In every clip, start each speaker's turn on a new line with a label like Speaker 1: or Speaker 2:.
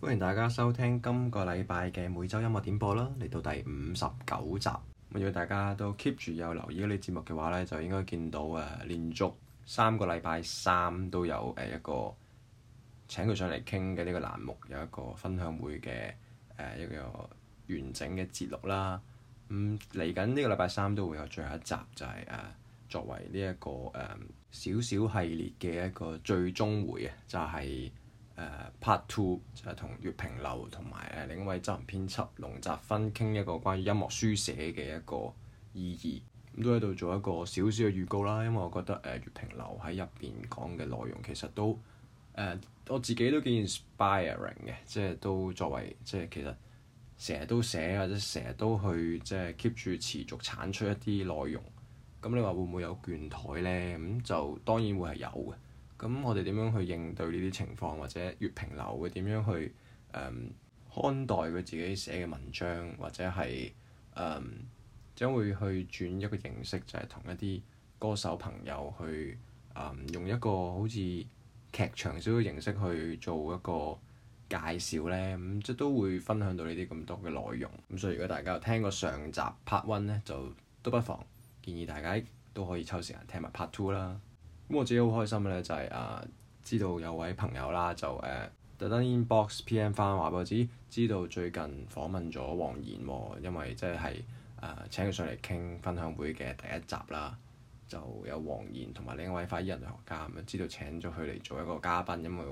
Speaker 1: 歡迎大家收聽今個禮拜嘅每周音樂點播啦，嚟到第五十九集。如果大家都 keep 住有留意呢啲節目嘅話咧，就應該見到啊，連續三個禮拜三都有誒一個請佢上嚟傾嘅呢個欄目，有一個分享會嘅誒、呃、一個完整嘅節錄啦。咁嚟緊呢個禮拜三都會有最後一集，就係、是、誒、呃、作爲呢、這、一個誒少少系列嘅一個最終回啊，就係、是。誒、uh, part two 就係同月平流同埋誒另一位執行編輯龍澤芬傾一個關於音樂書寫嘅一個意義，咁、嗯、都喺度做一個少少嘅預告啦。因為我覺得誒、呃、月平流喺入邊講嘅內容其實都誒、呃、我自己都幾 inspiring 嘅，即係都作為即係其實成日都寫或者成日都去即係 keep 住持續產出一啲內容。咁你話會唔會有倦怠咧？咁、嗯、就當然會係有嘅。咁我哋點樣去應對呢啲情況，或者月平流會點樣去誒、嗯、看待佢自己寫嘅文章，或者係誒、嗯、將會去轉一個形式，就係、是、同一啲歌手朋友去誒、嗯、用一個好似劇場少少形式去做一個介紹呢，咁、嗯、即都會分享到呢啲咁多嘅內容。咁所以如果大家有聽過上集 Part One 呢，就都不妨建議大家都可以抽時間聽埋 Part Two 啦。我自己好開心嘅咧，就係、是、啊，知道有位朋友啦，就誒、啊、特登 inbox PM 翻，話畀我知知道最近訪問咗黃炎喎，因為即係誒請佢上嚟傾分享會嘅第一集啦，就有黃炎同埋另一位法醫人類學家咁樣，知道請咗佢嚟做一個嘉賓，因為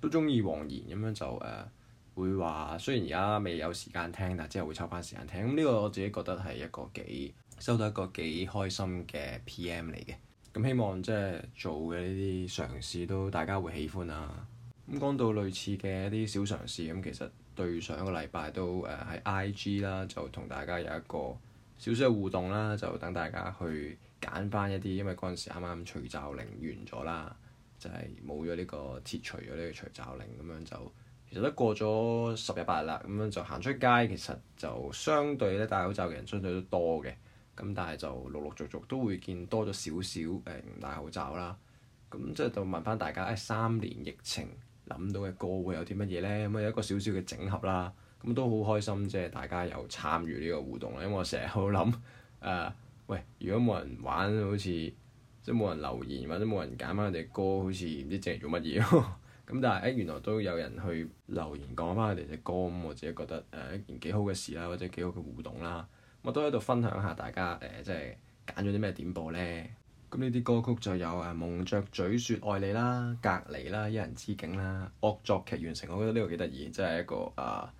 Speaker 1: 都中意黃炎咁樣就誒、啊、會話，雖然而家未有時間聽，但係之後會抽翻時間聽。咁呢個我自己覺得係一個幾收到一個幾開心嘅 PM 嚟嘅。咁希望即係做嘅呢啲嘗試都大家會喜歡啊。咁講到類似嘅一啲小嘗試，咁其實對上一個禮拜都誒喺 IG 啦，就同大家有一個少少嘅互動啦，就等大家去揀翻一啲，因為嗰陣時啱啱除罩令完咗啦，就係冇咗呢個撤除咗呢個除罩令咁樣就，其實都過咗十日八日啦，咁樣就行出街，其實就相對咧戴口罩嘅人相對都多嘅。咁但係就陸陸續續都會見多咗少少誒唔、呃、戴口罩啦，咁即係就問翻大家誒三、哎、年疫情諗到嘅歌會有啲乜嘢咧？咁啊有一個少少嘅整合啦，咁都好開心即係大家有參與呢個互動啦，因為我成日喺度諗喂如果冇人玩好似即係冇人留言或者冇人揀翻佢哋歌，好似唔知淨係做乜嘢咯，咁 但係誒、呃、原來都有人去留言講翻佢哋隻歌，咁我自己覺得誒一件幾好嘅事啦，或者幾好嘅互動啦。我都喺度分享下，大家誒即係揀咗啲咩點播呢？咁呢啲歌曲就有誒、啊《夢着嘴説愛你》啦，《隔離》啦，《一人之境》啦，《惡作劇完成》。我覺得呢個幾得意，即係一個啊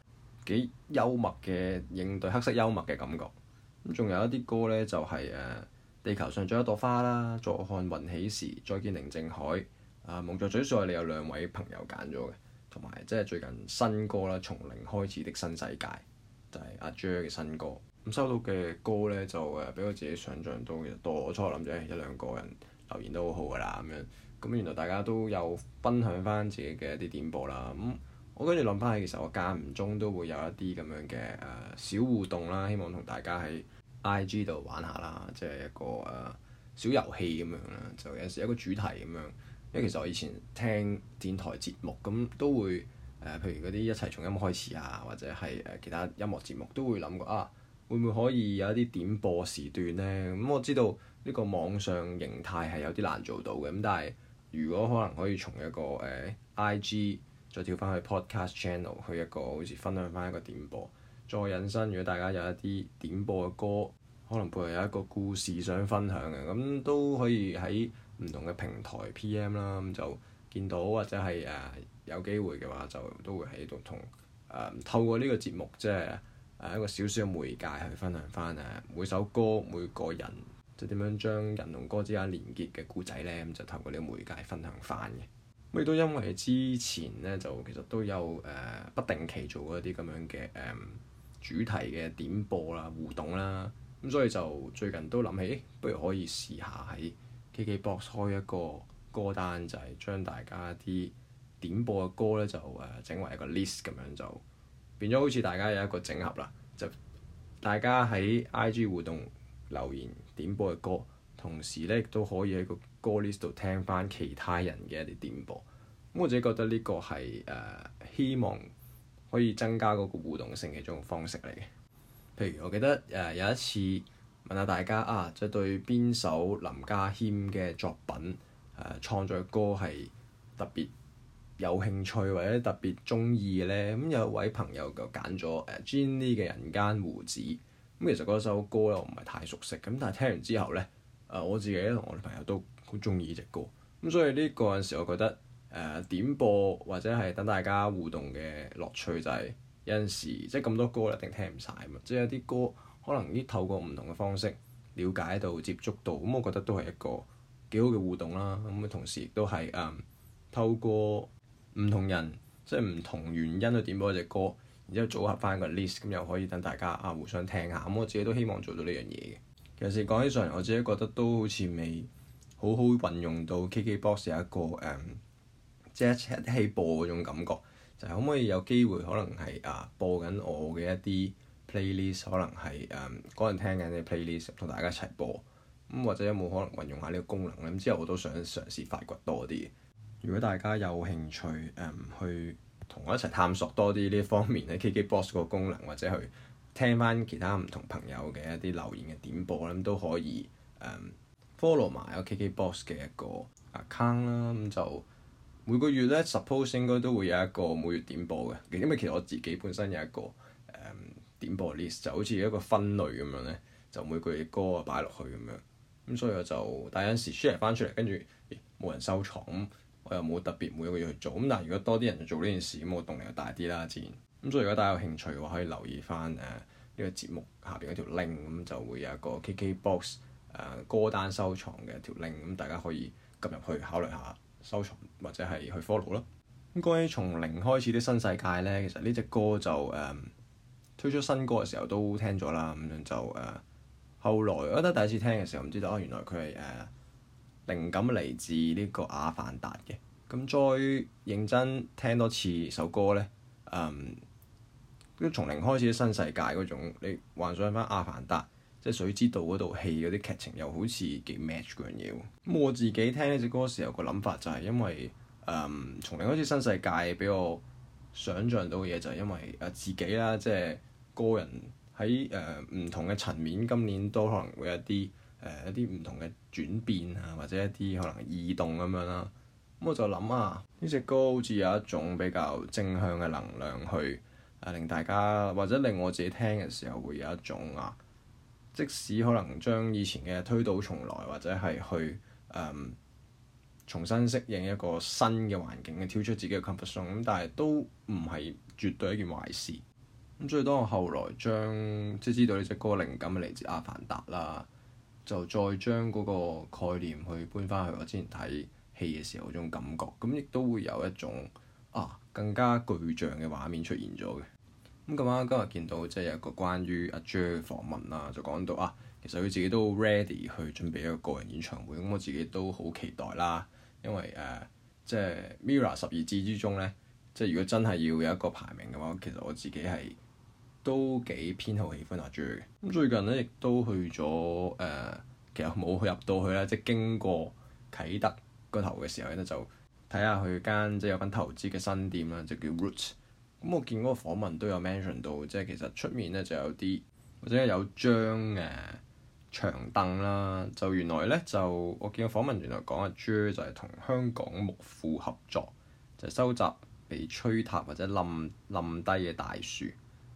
Speaker 1: 幾幽默嘅應對，黑色幽默嘅感覺。咁仲有一啲歌呢，就係、是、誒、啊《地球上仲有一朵花》啦，《坐看雲起時》、《再見寧靜海》啊，《夢着嘴説愛你》有兩位朋友揀咗嘅，同埋即係最近新歌啦，《從零開始的新世界》就係、是、阿 Jer 嘅、er、新歌。咁收到嘅歌咧就誒比我自己想象到多，我初我諗住一兩個人留言都好好㗎啦咁樣，咁原來大家都有分享翻自己嘅一啲點播啦，咁我跟住諗翻起其實我間唔中都會有一啲咁樣嘅誒、呃、小互動啦，希望同大家喺 IG 度玩下啦，即係一個誒、呃、小遊戲咁樣啦，就有時一個主題咁樣，因為其實我以前聽電台節目咁都會誒、呃，譬如嗰啲一齊從音樂開始啊，或者係誒其他音樂節目都會諗過啊。會唔會可以有一啲點播時段呢？咁、嗯、我知道呢個網上形態係有啲難做到嘅。咁但係如果可能，可以從一個誒、uh, IG 再跳翻去 Podcast Channel，去一個好似分享翻一個點播。再引申，如果大家有一啲點播嘅歌，可能配有一個故事想分享嘅，咁都可以喺唔同嘅平台 PM 啦。咁就見到或者係誒、uh，有機會嘅話，就都會喺度同透過呢個節目即係。誒，一個小小嘅媒介去分享翻誒，每首歌每個人，即係點樣將人同歌之間連結嘅故仔咧，咁就透過呢個媒介分享翻嘅。咁亦都因為之前咧就其實都有誒、呃、不定期做過一啲咁樣嘅誒、呃、主題嘅點播啦，互動啦，咁所以就最近都諗起，不如可以試下喺 KKBOX 開一個歌單，就係、是、將大家啲點播嘅歌咧就誒整、呃、為一個 list 咁樣就。變咗好似大家有一個整合啦，就大家喺 IG 互動留言點播嘅歌，同時咧都可以喺個歌 list 度聽返其他人嘅一啲點播。咁我自己覺得呢個係誒、呃、希望可以增加嗰個互動性嘅一種方式嚟嘅。譬如我記得誒、呃、有一次問下大家啊，即係對邊首林家謙嘅作品誒、呃、創作嘅歌係特別有興趣或者特別鍾意嘅咧，咁有一位朋友就揀咗誒 Jenny 嘅《人間胡子》咁。其實嗰首歌咧，我唔係太熟悉。咁，但係聽完之後咧，誒我自己同我女朋友都好鍾意呢隻歌咁。所以呢個陣時，我覺得誒、呃、點播或者係等大家互動嘅樂趣就係有陣時即係咁多歌一定聽唔晒啊嘛，即係有啲歌可能啲透過唔同嘅方式了解到、接觸到咁，我覺得都係一個幾好嘅互動啦。咁同時亦都係誒透過。唔同人即係唔同原因去點播一隻歌，然之後組合翻個 list，咁又可以等大家啊互相聽下。咁、嗯、我自己都希望做到呢樣嘢嘅。其實講起上嚟，我自己覺得都好似未好好運用到 KKBOX 有一個誒、嗯、即係一起播嗰種感覺，就係、是、可唔可以有機會可能係啊播緊我嘅一啲 playlist，可能係誒個人聽緊嘅 playlist 同大家一齊播。咁、嗯、或者有冇可能運用下呢個功能咁，之後我都想嘗試發掘多啲。如果大家有興趣，誒、嗯、去同我一齊探索多啲呢方面咧，K K Box 嗰個功能或者去聽翻其他唔同朋友嘅一啲留言嘅點播咧，咁都可以誒、嗯、follow 埋我 K K Box 嘅一個 account 啦。咁、嗯、就每個月咧，suppose 應該都會有一個每月點播嘅，因為其實我自己本身有一個誒、嗯、點播 list，就好似一個分類咁樣咧，就每個月嘅歌擺落去咁樣。咁、嗯、所以我就但有陣時 share 翻出嚟，跟住冇人收藏我又冇特別每一個月去做，咁但係如果多啲人做呢件事，咁我動力又大啲啦，自然。咁、嗯、所以如果大家有興趣嘅話，可以留意翻誒呢個節目下邊嗰條 link，咁就會有一個 KKBOX 誒、呃、歌單收藏嘅條 link，咁、嗯、大家可以撳入去考慮下收藏或者係去 follow 咯。應該、嗯、從零開始啲新世界咧，其實呢隻歌就誒、呃、推出新歌嘅時候都聽咗啦，咁、嗯、樣就誒、呃、後來我覺得第一次聽嘅時候唔知道，哦、啊、原來佢係誒。啊靈感嚟自呢個《阿凡達》嘅，咁再認真聽多次首歌咧，誒、嗯，啲從零開始新世界嗰種，你幻想翻《阿凡達》即係水之道嗰套戲嗰啲劇情，又好似幾 match 嗰樣嘢喎。咁我自己聽呢隻歌嘅時候，有個諗法就係因為誒嗯、從零開始新世界俾我想像到嘅嘢，就係因為誒自己啦，即係個人喺誒唔同嘅層面，今年都可能會有啲。誒、呃、一啲唔同嘅轉變啊，或者一啲可能異動咁樣啦。咁我就諗啊，呢隻歌好似有一種比較正向嘅能量去，去、啊、誒令大家或者令我自己聽嘅時候會有一種啊，即使可能將以前嘅推倒重來，或者係去誒、嗯、重新適應一個新嘅環境，跳出自己嘅 comfort zone。咁但係都唔係絕對一件壞事。咁所以當我後來將即係知道呢隻歌靈感嚟自阿《阿凡達》啦。就再將嗰個概念去搬翻去我之前睇戲嘅時候嗰種感覺，咁亦都會有一種啊更加具象嘅畫面出現咗嘅。咁、嗯、咁啱今日見到即係有一個關於阿 Jay、嘅、訪問啦，就講到啊，其實佢自己都 ready 去準備一個個人演唱會，咁我自己都好期待啦，因為誒、呃、即係 MIRROR 十二字之中咧，即係如果真係要有一個排名嘅話，其實我自己係。都幾偏好喜歡阿、啊、J 嘅、er、咁最近咧，亦都去咗誒、呃，其實冇入到去啦，即係經過啟德個頭嘅時候咧，就睇下佢間即係有間投資嘅新店啦，就叫 Roots。咁、嗯、我見嗰個訪問都有 mention 到，即係其實出面咧就有啲或者有張誒、呃、長凳啦，就原來咧就我見個訪問原來講阿、啊、J、er、就係同香港木庫合作，就係、收集被吹塌或者冧冧低嘅大樹。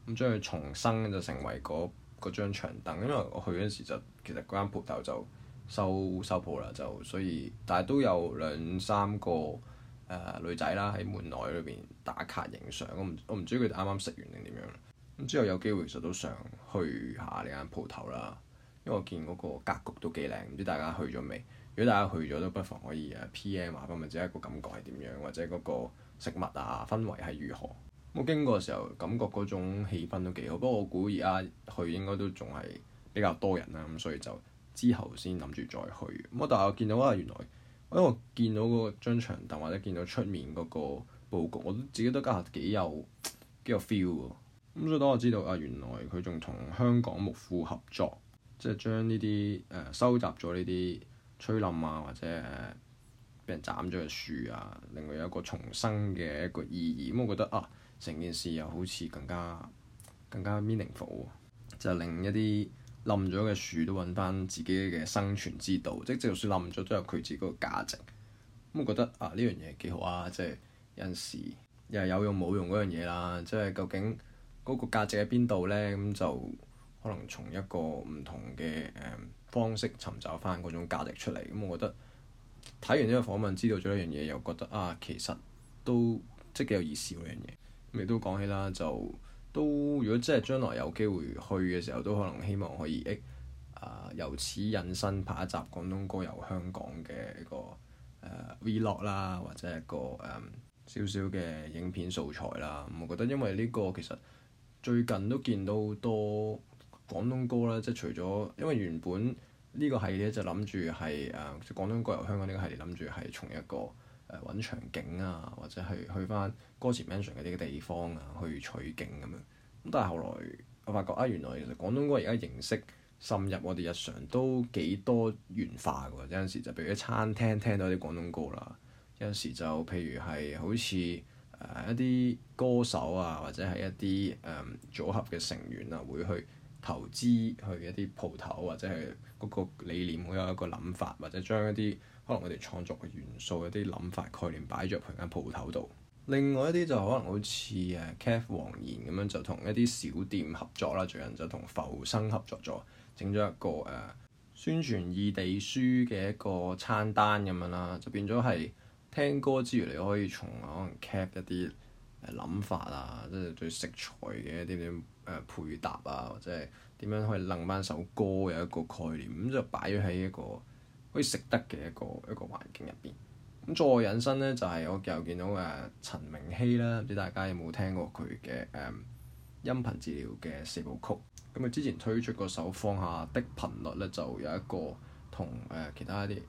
Speaker 1: 咁將佢重生就成為嗰嗰張長凳，因為我去嗰時就其實嗰間鋪頭就收收鋪啦，就所以但係都有兩三個誒、呃、女仔啦喺門內裏邊打卡影相，我唔我唔知佢哋啱啱食完定點樣。咁之後有機會其實都想去下呢間鋪頭啦，因為我見嗰個格局都幾靚，唔知大家去咗未？如果大家去咗都不妨可以誒 PM 話俾我知，一個感覺係點樣，或者嗰個食物啊氛圍係如何。咁經過嘅時候，感覺嗰種氣氛都幾好。不過我估而家去應該都仲係比較多人啦，咁所以就之後先諗住再去。咁我但係見到啊，原來因為我見到嗰個張長凳或者見到出面嗰個佈局，我都自己都覺得幾有幾有 feel 喎。咁所以當我知道啊，原來佢仲同香港木庫合作，即係將呢啲誒收集咗呢啲吹冧啊或者俾、呃、人斬咗嘅樹啊，另外有一個重生嘅一個意義。嗯、我覺得啊～成件事又好似更加更加 meaningful，啊、就是、令一啲冧咗嘅樹都揾翻自己嘅生存之道，即係就算冧咗都有佢自己個價值。咁、嗯、我覺得啊，呢樣嘢幾好啊！即係有陣時又係有用冇用嗰樣嘢啦。即係究竟嗰個價值喺邊度咧？咁、嗯、就可能從一個唔同嘅誒、嗯、方式尋找翻嗰種價值出嚟。咁、嗯、我覺得睇完呢個訪問知道咗一樣嘢，又覺得啊，其實都即係幾有意思樣嘢。咪都講起啦，就都如果真係將來有機會去嘅時候，都可能希望可以誒，啊、呃，由此引申拍一集廣東歌遊香港嘅一個誒、呃、vlog 啦，或者一個誒少少嘅影片素材啦、嗯。我覺得因為呢個其實最近都見到好多廣東歌啦，即、就、係、是、除咗因為原本呢個系列就諗住係誒，即、呃、係廣東歌遊香港呢個系列諗住係從一個，誒揾場景啊，或者係去翻歌詞 mention 嗰啲地方啊，去取景咁、啊、樣。咁但係後來我發覺啊，原來其實廣東歌而家形式滲入我哋日常都幾多元化㗎。有陣時就譬如喺餐廳聽到啲廣東歌啦，有時就譬如係好似誒一啲歌手啊，或者係一啲誒、嗯、組合嘅成員啊，會去。投資去一啲鋪頭，或者係嗰個理念會有一個諗法，或者將一啲可能我哋創作嘅元素、一啲諗法、概念擺咗喺間鋪頭度。另外一啲就可能好似誒 Cafe 黃妍咁樣，就同一啲小店合作啦，最近就同浮生合作咗，整咗一個誒宣傳異地書嘅一個餐單咁樣啦，就變咗係聽歌之餘，你可以從可能 Cafe 一啲誒諗法啊，即係對食材嘅一啲誒、呃、配搭啊，或者係點樣可以令翻首歌有一個概念咁，就擺喺一個可以食得嘅一個一個環境入邊。咁再引申咧，就係、是、我又見到誒、呃、陳明熙啦，唔知大家有冇聽過佢嘅誒音頻治療嘅四部曲。咁佢之前推出嗰首放下的頻率咧，就有一個同誒、呃、其他一啲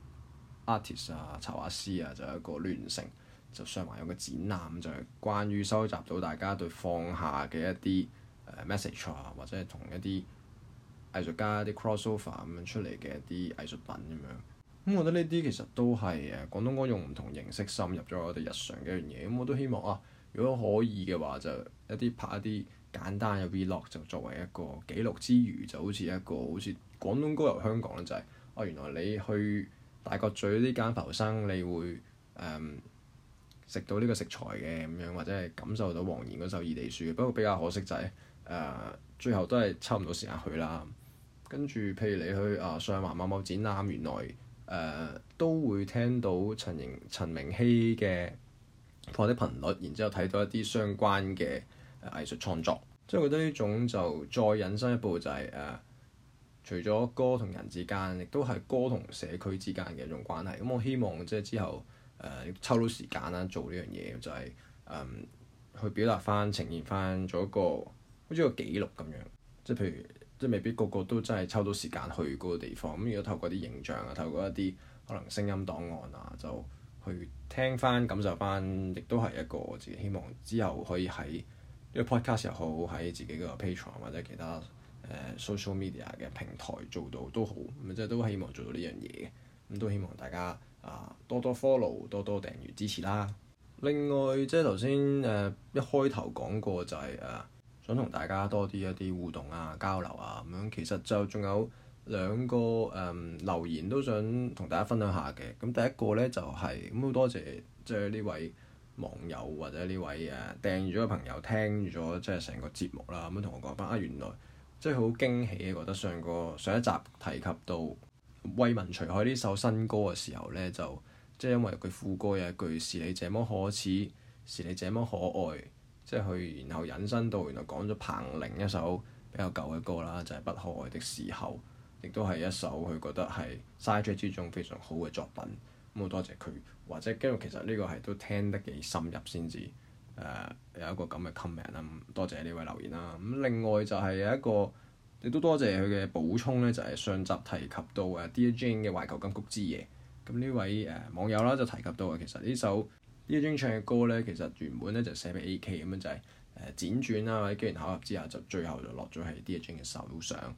Speaker 1: artist 啊、插畫師啊，就有一個聯成，就上埋有個展覽，就係、是、關於收集到大家對放下嘅一啲。message 啊，或者係同一啲藝術家啲 crossover 咁樣出嚟嘅一啲藝術品咁樣，咁我覺得呢啲其實都係誒廣東歌用唔同形式深入咗我哋日常嘅一樣嘢。咁我都希望啊，如果可以嘅話，就一啲拍一啲簡單嘅 vlog，就作為一個記錄之餘，就好似一個好似廣東歌遊香港咧，就係、是、啊，原來你去大角咀呢間浮生，你會誒食、嗯、到呢個食材嘅咁樣，或者係感受到黃妍嗰首異地書。不過比較可惜就係。誒，uh, 最後都係抽唔到時間去啦。跟住，譬如你去啊、uh, 上環某某展覽，原來誒、uh, 都會聽到陳瑩陳明熙嘅播啲頻率，然之後睇到一啲相關嘅、uh, 藝術創作，即係覺得呢種就再引申一步、就是，就係誒除咗歌同人之間，亦都係歌同社區之間嘅一種關係。咁我希望即係之後誒、uh, 抽到時間啦，做呢樣嘢就係、是、誒、um, 去表達翻、呈現翻咗個。好似個記錄咁樣，即係譬如即係未必個個都真係抽到時間去嗰個地方咁，如果透過啲形象啊，透過一啲可能聲音檔案啊，就去聽翻感受翻，亦都係一個我自己希望之後可以喺呢個 podcast 又好喺自己嘅 Patreon 或者其他誒 social media 嘅平台做到都好咁，即係都希望做到呢樣嘢咁，都希望大家啊、呃、多多 follow 多多訂閱支持啦。另外即係頭先誒一開頭講過就係、是、誒。呃想同大家多啲一啲互動啊、交流啊咁樣，其實就仲有兩個誒、嗯、留言都想同大家分享下嘅。咁第一個呢，就係咁好多謝即係呢位網友或者呢位誒、啊、訂咗嘅朋友聽咗即係成個節目啦，咁同我講翻啊，原來即係好驚喜啊！覺得上個上一集提及到《為民除害》呢首新歌嘅時候呢，就即係、就是、因為佢副歌有一句是你這麼可恥，是你這麼可愛。即係佢，然後引申到，然後講咗彭羚一首比較舊嘅歌啦，就係、是《不可愛的時候》，亦都係一首佢覺得係 side track 之中非常好嘅作品。咁好多謝佢，或者跟住其實呢個係都聽得幾深入先至，誒、呃、有一個咁嘅 comment 啦。咁多謝呢位留言啦。咁另外就係有一個亦都多謝佢嘅補充咧，就係、是、上集提及到誒 Dear Jane 嘅《懷舊金曲之夜》。咁呢位誒、呃、網友啦就提及到啊，其實呢首，DJ 唱嘅歌咧，其實原本咧就寫俾 AK 咁樣，就係誒輾轉啦，或者機緣巧合之下，就最後就落咗喺 DJ 嘅手上。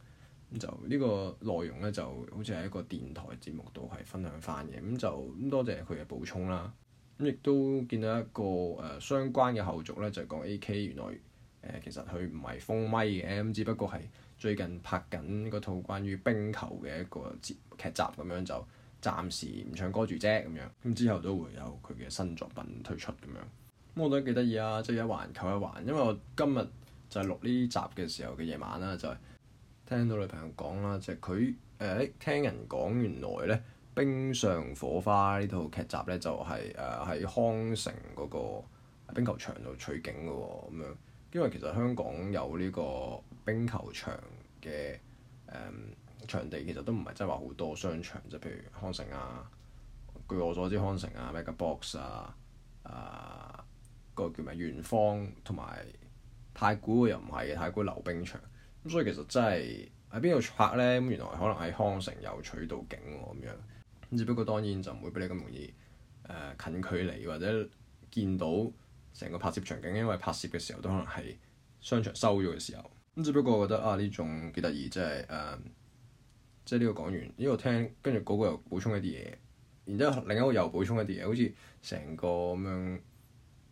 Speaker 1: 咁就呢個內容咧，就好似係一個電台節目度係分享翻嘅。咁就多謝佢嘅補充啦。咁亦都見到一個誒、呃、相關嘅後續咧，就是、講 AK 原來誒、呃、其實佢唔係封咪嘅，咁只不過係最近拍緊嗰套關於冰球嘅一個節劇集咁樣就。暫時唔唱歌住啫，咁樣，咁之後都會有佢嘅新作品推出咁樣。咁我覺得幾得意啊，即係一環扣一環。因為我今日就係錄呢集嘅時候嘅夜晚啦，就係聽到女朋友講啦，就係佢誒聽人講，原來咧《冰上火花》呢套劇集咧就係誒喺康城嗰個冰球場度取景嘅喎，咁樣。因為其實香港有呢個冰球場嘅誒。呃場地其實都唔係真係話好多商場啫，譬如康城啊。據我所知，康城啊，Mega Box 啊，啊、呃，嗰、嗰個叫咩圓方，同埋太古又唔係太古溜冰場。咁所以其實真係喺邊度拍咧？咁原來可能喺康城又取到景喎，咁樣咁。只不過當然就唔會俾你咁容易誒、呃、近距離或者見到成個拍攝場景，因為拍攝嘅時候都可能係商場收咗嘅時候。咁只不過我覺得啊，呢種幾得意，即係誒。呃即係呢個講完，呢個聽，跟住嗰個又補充一啲嘢，然之後另一個又補充一啲嘢，好似成個咁樣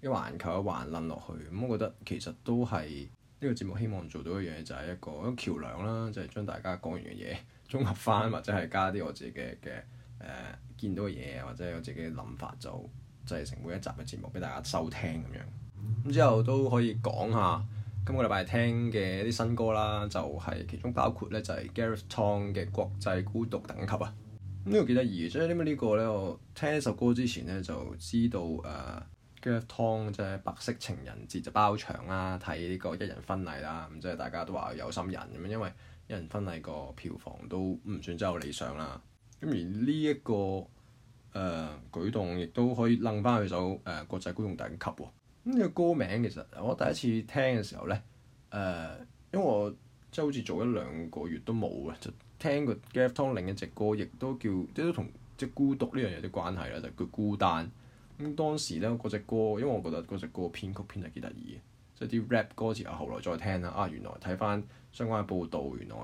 Speaker 1: 一環扣一環撚落去。咁我覺得其實都係呢個節目希望做到嘅嘢，就係一個橋梁啦，就係將大家講完嘅嘢綜合翻，或者係加啲我自己嘅嘅誒見到嘅嘢，或者我自己嘅諗法就，就製成每一集嘅節目俾大家收聽咁樣。咁之後都可以講下。今個禮拜聽嘅啲新歌啦，就係、是、其中包括咧，就係、是、Gareth Tong 嘅《國際孤獨等級》啊、嗯。這個、個呢個幾得意，所以點解呢個咧？我聽呢首歌之前咧，就知道誒、呃、Gareth Tong 即係白色情人節就包場啦，睇呢個一人婚禮啦，咁即係大家都話有心人咁樣，因為一人婚禮個票房都唔算真係好理想啦。咁、嗯、而呢、這、一個誒、呃、舉動，亦都可以擰翻佢首誒《國際孤獨等級》喎。呢個歌名其實我第一次聽嘅時候咧，誒、呃，因為我即係好似做一兩個月都冇嘅，就聽個 Gareth.T 另一隻歌，亦都叫即都同即係孤獨呢樣嘢有啲關係啦，就叫孤單。咁、嗯、當時咧嗰隻歌，因為我覺得嗰隻歌編曲編得幾得意，即係啲 rap 歌詞我後來再聽啦，啊原來睇翻相關嘅報道，原來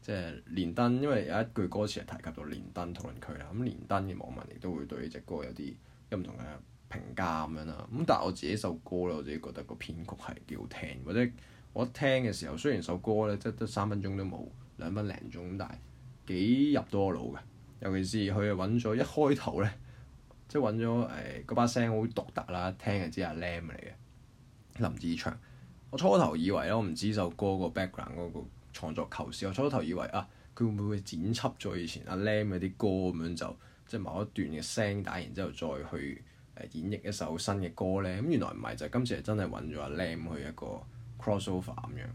Speaker 1: 即係連登，因為有一句歌詞係提及到連登討論區啦。咁、嗯、連登嘅網民亦都會對呢隻歌有啲唔同嘅。評價咁樣啦，咁但係我自己首歌咧，我自己覺得個編曲係幾好聽，或者我一聽嘅時候，雖然首歌咧即係得三分鐘都冇兩分零鐘，但係幾入多我腦嘅。尤其是佢係揾咗一開頭咧，即係揾咗誒嗰把聲好獨特啦，聽係知阿 Lam 嚟嘅林子祥。我初頭以為咧，我唔知首歌個 background 嗰個創作構思。我初頭以為啊，佢會唔會剪輯咗以前阿 Lam 嗰啲歌咁樣，就即係某一段嘅聲打，然之後再去，演繹一首新嘅歌呢，咁原來唔係就今、是、次係真係揾咗阿 Lam 去一個 crossover 咁樣，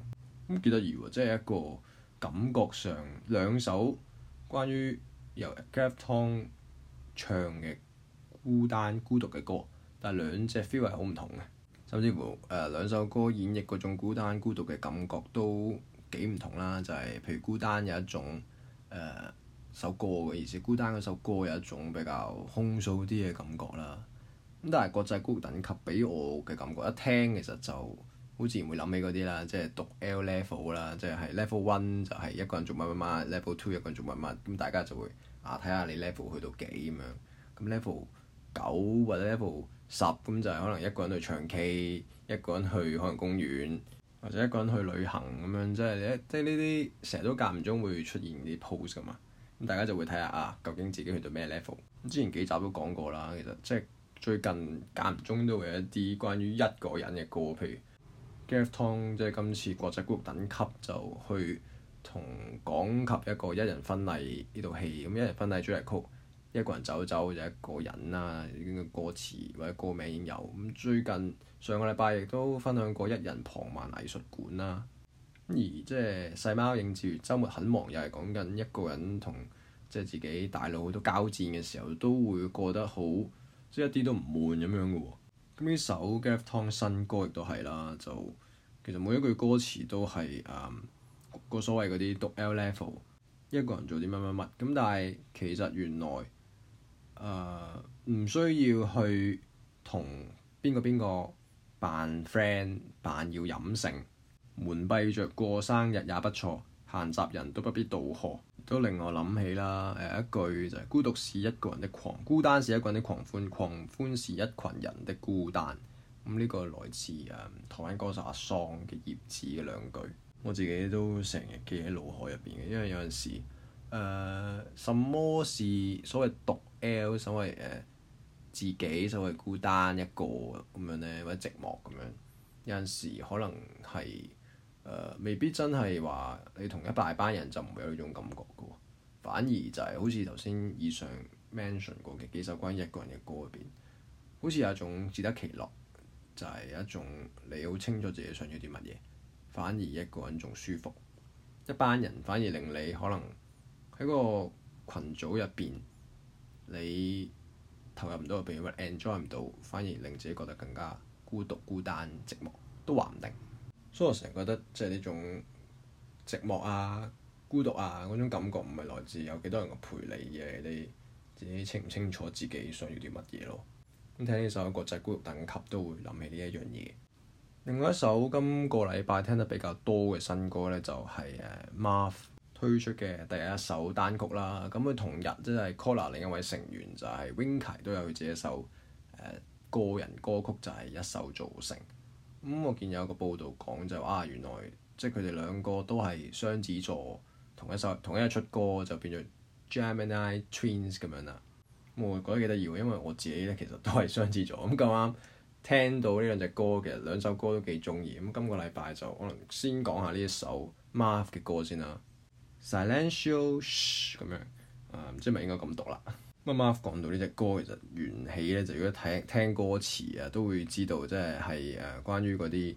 Speaker 1: 咁幾得意喎！即係、就是、一個感覺上兩首關於由 Gareth.T 唱嘅孤單、孤獨嘅歌，但係兩隻 feel 係好唔同嘅，甚至乎誒、呃、兩首歌演繹嗰種孤單、孤獨嘅感覺都幾唔同啦。就係、是、譬如孤單有一種誒、呃、首歌嘅意思，孤單嗰首歌有一種比較空疏啲嘅感覺啦。咁但係國際孤獨等級俾我嘅感覺，一聽，其實就好自然會諗起嗰啲啦，即係讀 L level 啦，即係 level one 就係一個人做乜乜乜，level two 一個人做乜乜，咁大家就會啊睇下你 level 去到幾咁樣。咁 level 九或者 level 十咁就可能一個人去唱 K，一個人去海洋公園，或者一個人去旅行咁樣，即係即係呢啲成日都間唔中會出現啲 post 噶嘛。咁大家就會睇下啊，究竟自己去到咩 level？咁之前幾集都講過啦，其實即係。最近間唔中都會有一啲關於一個人嘅歌，譬如 Gareth Tong 即係今次國際孤獨等級就去同港及一個一人婚禮呢套戲，咁、嗯、一人婚禮主題曲，一個人走走就一個人啦、啊。咁嘅歌詞或者歌名已經有咁、嗯、最近上個禮拜亦都分享過一人傍晚藝術館啦、嗯，而即係細貓認字，週末很忙又係講緊一個人同即係自己大佬都交戰嘅時候都會過得好。即一啲都唔悶咁樣嘅喎，咁呢首 Gareth.T 新歌亦都係啦，就其實每一句歌詞都係誒個所謂嗰啲獨 L level 一個人做啲乜乜乜咁，但係其實原來誒唔、呃、需要去同邊個邊個扮 friend，扮要飲性，門閉着過生日也不錯。閒雜人都不必道賀，都令我諗起啦誒、呃、一句就係、是、孤獨是一個人的狂，孤單是一個人的狂歡，狂歡是一群人的孤單。咁、嗯、呢、這個來自誒、嗯、台灣歌手阿桑嘅葉子嘅兩句，我自己都成日記喺腦海入邊嘅，因為有陣時誒、呃，什麼是所謂獨 L，所謂誒、呃、自己，所謂孤單一個咁樣呢，或者寂寞咁樣，有陣時可能係。呃、未必真係話你同一大班人就唔會有呢種感覺嘅喎，反而就係好似頭先以上 mention 過嘅幾首關於一個人嘅歌入邊，好似有一種自得其樂，就係一種你好清楚自己想要啲乜嘢，反而一個人仲舒服，一班人反而令你可能喺個群組入邊，你投入唔到入邊，或 enjoy 唔到，反而令自己覺得更加孤獨、孤單、寂寞，都話唔定。所以我成日覺得，即係呢種寂寞啊、孤獨啊嗰種感覺唔係來自有幾多人嘅陪你嘅，你自己清唔清楚自己想要啲乜嘢咯？咁聽呢首《國際孤獨等級》都會諗起呢一樣嘢。另外一首今個禮拜聽得比較多嘅新歌咧，就係誒 Marf 推出嘅第一首單曲啦。咁佢同日，即係 Collar 另一位成員就係 Winky 都有自己一首誒個人歌曲，就係一首造成。咁、嗯、我見有個報道講就啊，原來即係佢哋兩個都係雙子座，同一首同一日出歌，就變咗 Gemini Twins 咁樣啦、嗯，我覺得幾得意喎，因為我自己咧其實都係雙子座，咁咁啱聽到呢兩隻歌嘅兩首歌都幾中意，咁、嗯、今個禮拜就可能先講下呢一首 Marf 嘅歌先啦 Silencio 咁樣，誒、啊、唔知係咪應該咁讀啦。啱啱講到呢隻歌，其實元氣咧，就如果聽聽歌詞啊，都會知道，即係係誒關於嗰啲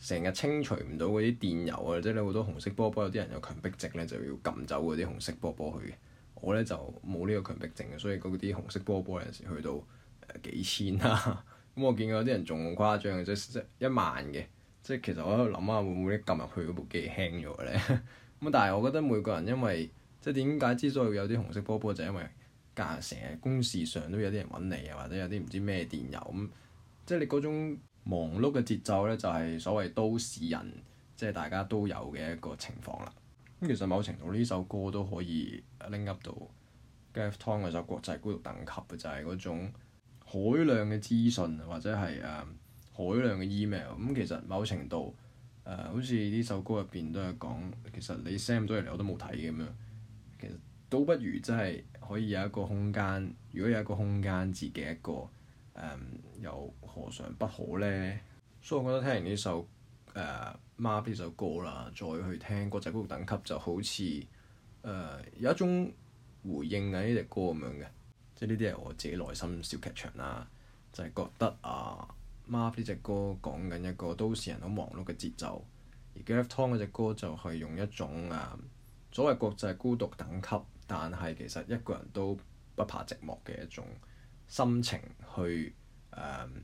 Speaker 1: 成日清除唔到嗰啲電郵啊，即係咧好多紅色波波。有啲人有強迫症咧，就要撳走嗰啲紅色波波去嘅。我咧就冇呢個強迫症嘅，所以嗰啲紅色波波有陣時去到、啊、幾千啦、啊。咁、 嗯、我見過有啲人仲誇張嘅，即係即係一萬嘅。即係其實我喺度諗下會唔會一撳入去嗰部機輕咗咧？咁 但係我覺得每個人因為即係點解之所以會有啲紅色波波，就係、是、因為。加成日公事上都有啲人揾你啊，或者有啲唔知咩電郵。咁，即係你嗰種忙碌嘅節奏咧，就係、是、所謂都市人即係、就是、大家都有嘅一個情況啦。咁其實某程度呢首歌都可以拎 Up 到 Gareth T 嗰首《國際孤獨等級》嘅，就係、是、嗰種海量嘅資訊或者係誒、啊、海量嘅 Email。咁、嗯、其實某程度誒、啊，好似呢首歌入邊都係講，其實你 send 咁多嘢嚟我都冇睇咁樣，其實。都不如真係可以有一個空間。如果有一個空間，自己一個又、嗯、何嘗不好呢？所、so, 以我覺得聽完呢首誒《Marf、呃》呢首歌啦，再去聽《國際孤獨等級》就好似、呃、有一種回應緊呢隻歌咁樣嘅，即係呢啲係我自己內心小劇場啦，就係、是、覺得啊，呃《Marf》呢隻歌講緊一個都市人好忙碌嘅節奏，而《Gareth.T》嗰隻歌就係用一種啊，所謂國際孤獨等級。但係其實一個人都不怕寂寞嘅一種心情去、um,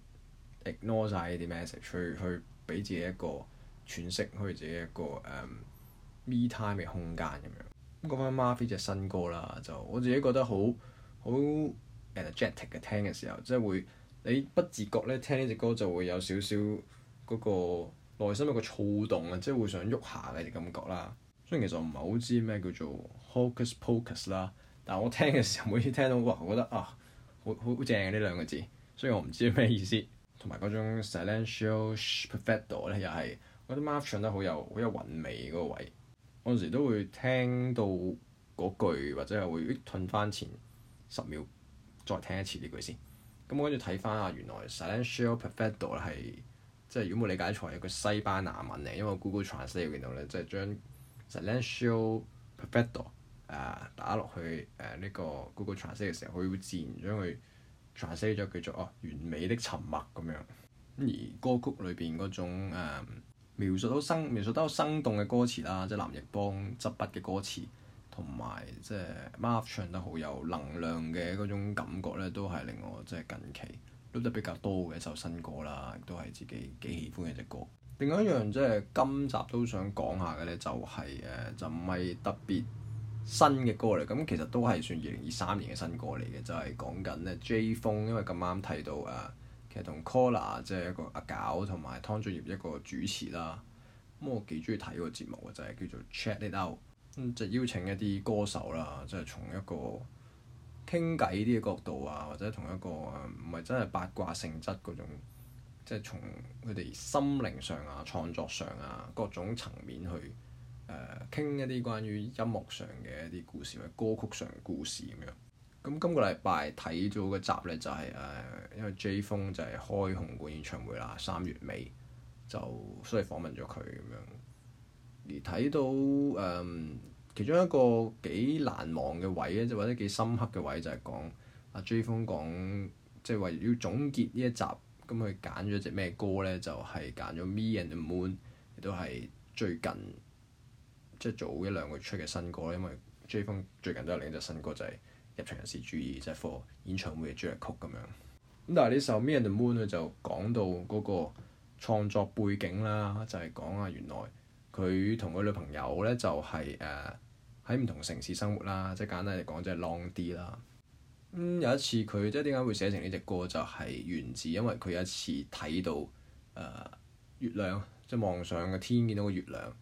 Speaker 1: messages, 去，去誒 ignore 晒呢啲 message，去去俾自己一個喘息，去自己一個誒、um, me time 嘅空間咁樣。咁講翻 Marf 隻新歌啦，就我自己覺得好好 energetic 嘅聽嘅時候，即、就、係、是、會你不自覺咧聽呢隻歌就會有少少嗰個內心有個躁動啊，即、就、係、是、會想喐下嘅啲感覺啦。其實我唔係好知咩叫做 hocus pocus 啦，但我聽嘅時候每次聽到嗰個，我覺得啊，好好，好正呢兩個字，所以我唔知咩意思。同埋嗰種 Silencio perfecto 咧，又係我覺得 Marf 唱得好有好有韻味嗰個位。嗰陣時都會聽到嗰句，或者係會吞翻、呃、前十秒再聽一次呢句先。咁我跟住睇翻啊，原來 Silencio perfecto 咧係即係如果冇理解錯係一個西班牙文嚟，因為 Google Translate 見到咧，即係將。就係 Silencio perfecto，uh, 打落去誒呢，uh, 個 Google translate 嘅時候，佢會自然將佢 translate 咗叫做哦、啊、完美的沉默咁樣。而歌曲裏邊嗰種描述到生描述得好生，生動嘅歌詞啦，即係藍奕邦執筆嘅歌詞，同埋即係 Marf 唱得好有能量嘅嗰種感覺咧，都係令我即係近期 load 得比較多嘅一首新歌啦，亦都係自己幾喜歡嘅一隻歌。另外一樣即係今集都想講下嘅呢、就是，就係誒就唔係特別新嘅歌嚟，咁其實都係算二零二三年嘅新歌嚟嘅，就係、是、講緊呢 Jay Fung 因為咁啱睇到啊，其實同 Cola 即係一個阿搞，同埋湯俊業一個主持啦。咁我幾中意睇個節目嘅，就係、是、叫做 Check It Out，就是、邀請一啲歌手啦，即、就、係、是、從一個傾偈啲嘅角度啊，或者同一個唔係真係八卦性質嗰種。即係從佢哋心靈上啊、創作上啊各種層面去誒傾、呃、一啲關於音樂上嘅一啲故事啊，或歌曲上故事咁樣。咁今個禮拜睇咗嘅集咧就係、是、誒、呃，因為 J 風就係開紅館演唱會啦，三月尾就所以訪問咗佢咁樣。而睇到誒、呃、其中一個幾難忘嘅位咧，即或者幾深刻嘅位就係講阿 J 風講，即係話要總結呢一集。咁佢揀咗隻咩歌咧？就係揀咗《Me and the Moon》，亦都係最近即係早一兩個月出嘅新歌，因為 Jay Fung 最近都有另一隻新歌就係、是《入場人士注意》，即係 for 演唱會嘅主題曲咁樣。咁但係呢首《Me and the Moon》咧，就講到嗰個創作背景啦，就係講啊，原來佢同佢女朋友咧就係誒喺唔同城市生活啦，即係簡單嚟講，即係浪啲啦。咁、嗯、有一次佢即係點解會寫成呢隻歌，就係源自，因為佢有一次睇到誒、呃、月亮，即係望上嘅天見到個月亮，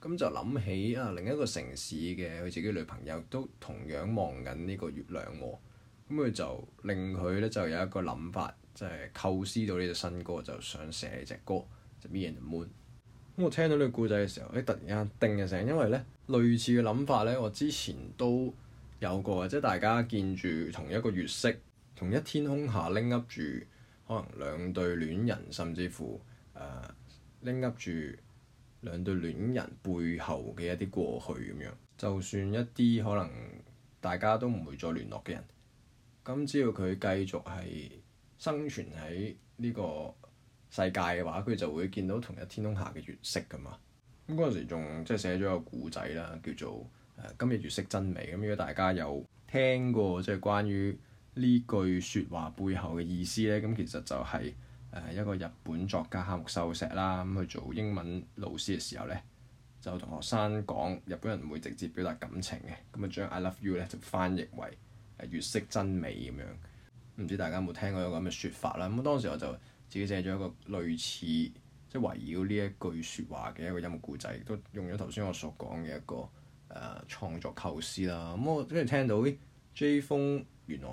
Speaker 1: 咁就諗起啊另一個城市嘅佢自己女朋友都同樣望緊呢個月亮喎，咁佢就令佢咧就有一個諗法，即、就、係、是、構思到呢隻新歌，就想寫隻歌《Me and the Moon》。咁我聽到呢個故仔嘅時候，誒、欸、突然間叮一聲，因為咧類似嘅諗法咧，我之前都～有過嘅，即大家見住同一個月色、同一天空下拎握住可能兩對戀人，甚至乎誒拎握住兩對戀人背後嘅一啲過去咁樣。就算一啲可能大家都唔會再聯絡嘅人，咁只要佢繼續係生存喺呢個世界嘅話，佢就會見到同一天空下嘅月色噶嘛。咁嗰陣時仲即係寫咗個故仔啦，叫做，今日月色真美，咁，如果大家有聽過即係關於呢句説話背後嘅意思呢，咁其實就係誒一個日本作家夏目漱石啦。咁去做英文老師嘅時候呢，就同學生講，日本人唔會直接表達感情嘅，咁啊將 I love you 呢，就翻譯為誒月色真美咁樣。唔知大家有冇聽過一個咁嘅説法啦？咁當時我就自己寫咗一個類似即係圍繞呢一句説話嘅一個音樂故仔，都用咗頭先我所講嘅一個。誒、uh, 創作構思啦，咁我跟住聽到誒、啊、J 風原來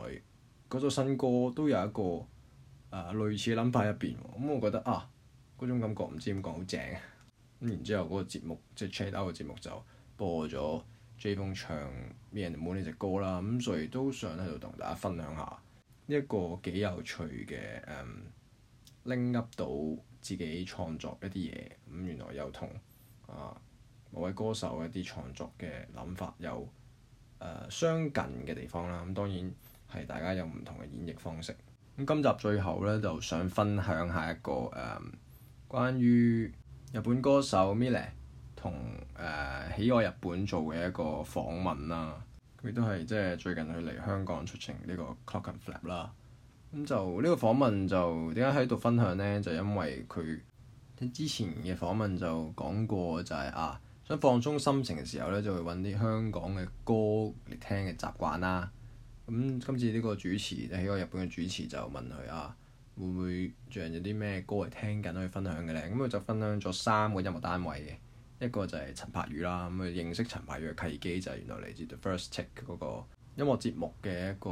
Speaker 1: 嗰首新歌都有一個誒、呃、類似嘅諗法入邊，咁、嗯、我覺得啊嗰種感覺唔知點講，好正。咁 然之後嗰個節目，即係 chat out 嘅節目就播咗 J 風唱《咩人冇你隻歌》啦，咁、嗯、所以都想喺度同大家分享下呢一、這個幾有趣嘅誒拎噏到自己創作一啲嘢，咁、嗯、原來又同啊～某位歌手一啲創作嘅諗法有誒、呃、相近嘅地方啦，咁當然係大家有唔同嘅演繹方式。咁今集最後咧，就想分享下一個誒、呃、關於日本歌手 milet 同誒、呃、喜愛日本做嘅一個訪問啦。佢都係即係最近佢嚟香港出程呢個 Clockenflap 啦、啊。咁就呢、這個訪問就點解喺度分享呢？就因為佢之前嘅訪問就講過就係、是、啊～放鬆心情嘅時候咧，就會揾啲香港嘅歌嚟聽嘅習慣啦。咁今次呢個主持咧，喺個日本嘅主持就問佢啊，會唔會最近有啲咩歌嚟聽緊可以分享嘅呢？咁佢就分享咗三個音樂單位嘅，一個就係陳柏宇啦。咁佢認識陳柏宇嘅契機就係原來嚟自 The First Take 嗰個音樂節目嘅一個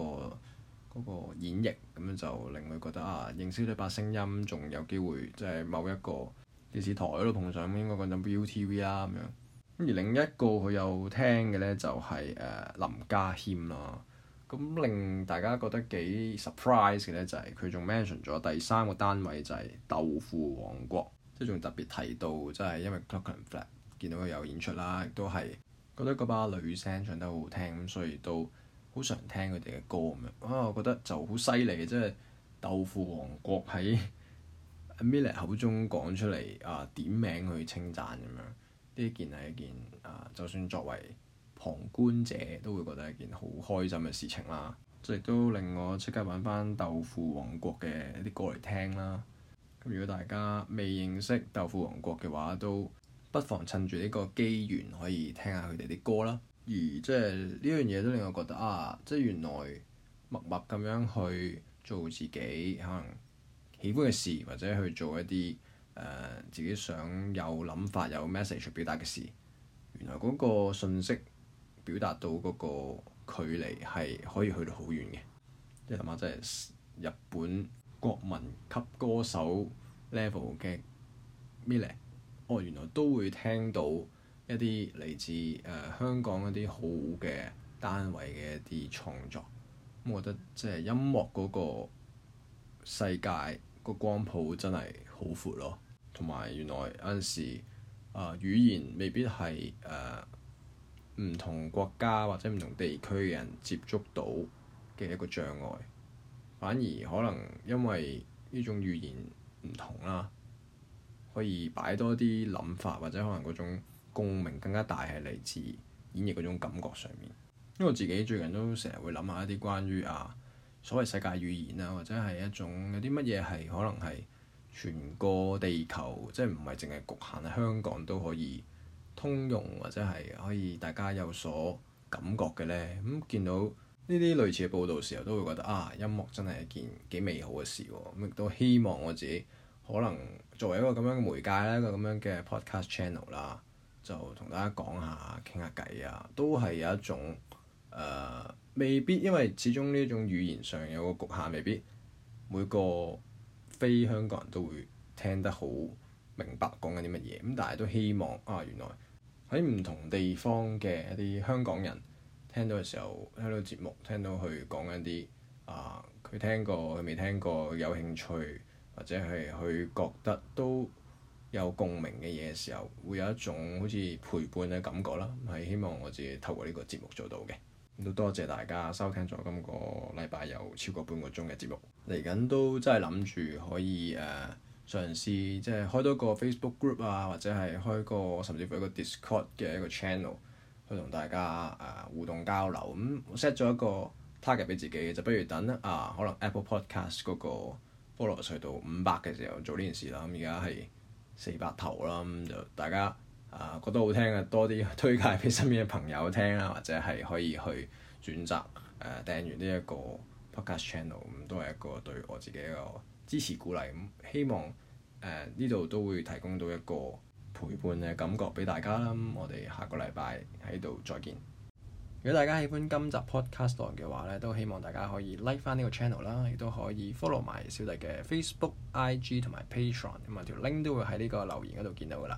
Speaker 1: 嗰、嗰個、演繹，咁樣就令佢覺得啊，認識呢把聲音仲有機會即係某一個電視台咯，碰上應該講緊 ViuTV 啦咁樣。而另一個佢有聽嘅呢，就係誒林家謙咯，咁令大家覺得幾 surprise 嘅呢，就係佢仲 mention 咗第三個單位就係豆腐王國，即係仲特別提到即係因為 Clockenflap 見到佢有演出啦，亦都係覺得嗰把女聲唱得好聽，咁所以都好常聽佢哋嘅歌咁樣，啊我覺得就好犀利嘅，即係豆腐王國喺 milet 口中講出嚟啊、呃、點名去稱讚咁樣。呢件係一件啊，就算作為旁觀者都會覺得一件好開心嘅事情啦。即係都令我即刻揾翻《豆腐王國》嘅一啲歌嚟聽啦。咁如果大家未認識《豆腐王國》嘅話，都不妨趁住呢個機緣可以聽下佢哋啲歌啦。而即係呢樣嘢都令我覺得啊，即係原來默默咁樣去做自己可能喜歡嘅事，或者去做一啲～誒、呃、自己想有諗法、有 message 表達嘅事，原來嗰個訊息表達到嗰個距離係可以去到好遠嘅 Yeah.，即係點講，即係日本國民級歌手 level 嘅 milet，哦，原來都會聽到一啲嚟自誒、呃、香港一啲好嘅單位嘅一啲創作，咁、嗯、我覺得即係音樂嗰個世界個光譜真係好闊咯～同埋原來有陣時，啊、呃、語言未必係誒唔同國家或者唔同地區嘅人接觸到嘅一個障礙，反而可能因為呢種語言唔同啦，可以擺多啲諗法或者可能嗰種共鳴更加大係嚟自演繹嗰種感覺上面。因為我自己最近都成日會諗下一啲關於啊所謂世界語言啊，或者係一種有啲乜嘢係可能係。全個地球即係唔係淨係局限喺香港都可以通用，或者係可以大家有所感覺嘅呢咁、嗯、見到呢啲類似嘅報導時候，都會覺得啊，音樂真係一件幾美好嘅事、啊。咁、嗯、亦都希望我自己可能作為一個咁樣嘅媒介啦，一個咁樣嘅 podcast channel 啦，就同大家講下傾下偈啊，都係有一種誒、呃，未必因為始終呢一種語言上有個局限，未必每個。非香港人都會聽得好明白講緊啲乜嘢，咁但係都希望啊，原來喺唔同地方嘅一啲香港人聽到嘅時候，聽到節目，聽到佢講緊啲啊，佢聽過佢未聽過，有興趣或者係佢覺得都有共鳴嘅嘢嘅時候，會有一種好似陪伴嘅感覺啦，係希望我自己透過呢個節目做到嘅。都多謝大家收聽咗今個禮拜有超過半個鐘嘅節目，嚟緊都真係諗住可以誒、呃、嘗試即係開多個 Facebook Group 啊，或者係開個甚至乎一個 Discord 嘅一個 channel 去同大家誒、呃、互動交流。咁 set 咗一個 target 俾自己嘅，就不如等啊可能 Apple Podcast 嗰個 follow 到五百嘅時候做呢件事啦。咁而家係四百頭啦，咁、嗯、就大家。啊，覺得好聽嘅多啲推介俾身邊嘅朋友聽啦，或者係可以去選擇誒訂閱呢一個 podcast channel，咁、嗯、都係一個對我自己嘅支持鼓勵咁、嗯。希望誒呢度都會提供到一個陪伴嘅感覺俾大家啦、嗯。我哋下個禮拜喺度再見。如果大家喜歡今集 podcast 嘅話咧，都希望大家可以 like 返呢個 channel 啦，亦都可以 follow 埋小弟嘅 Facebook、IG 同埋 Patreon，咁啊條 link 都會喺呢個留言嗰度見到㗎喇。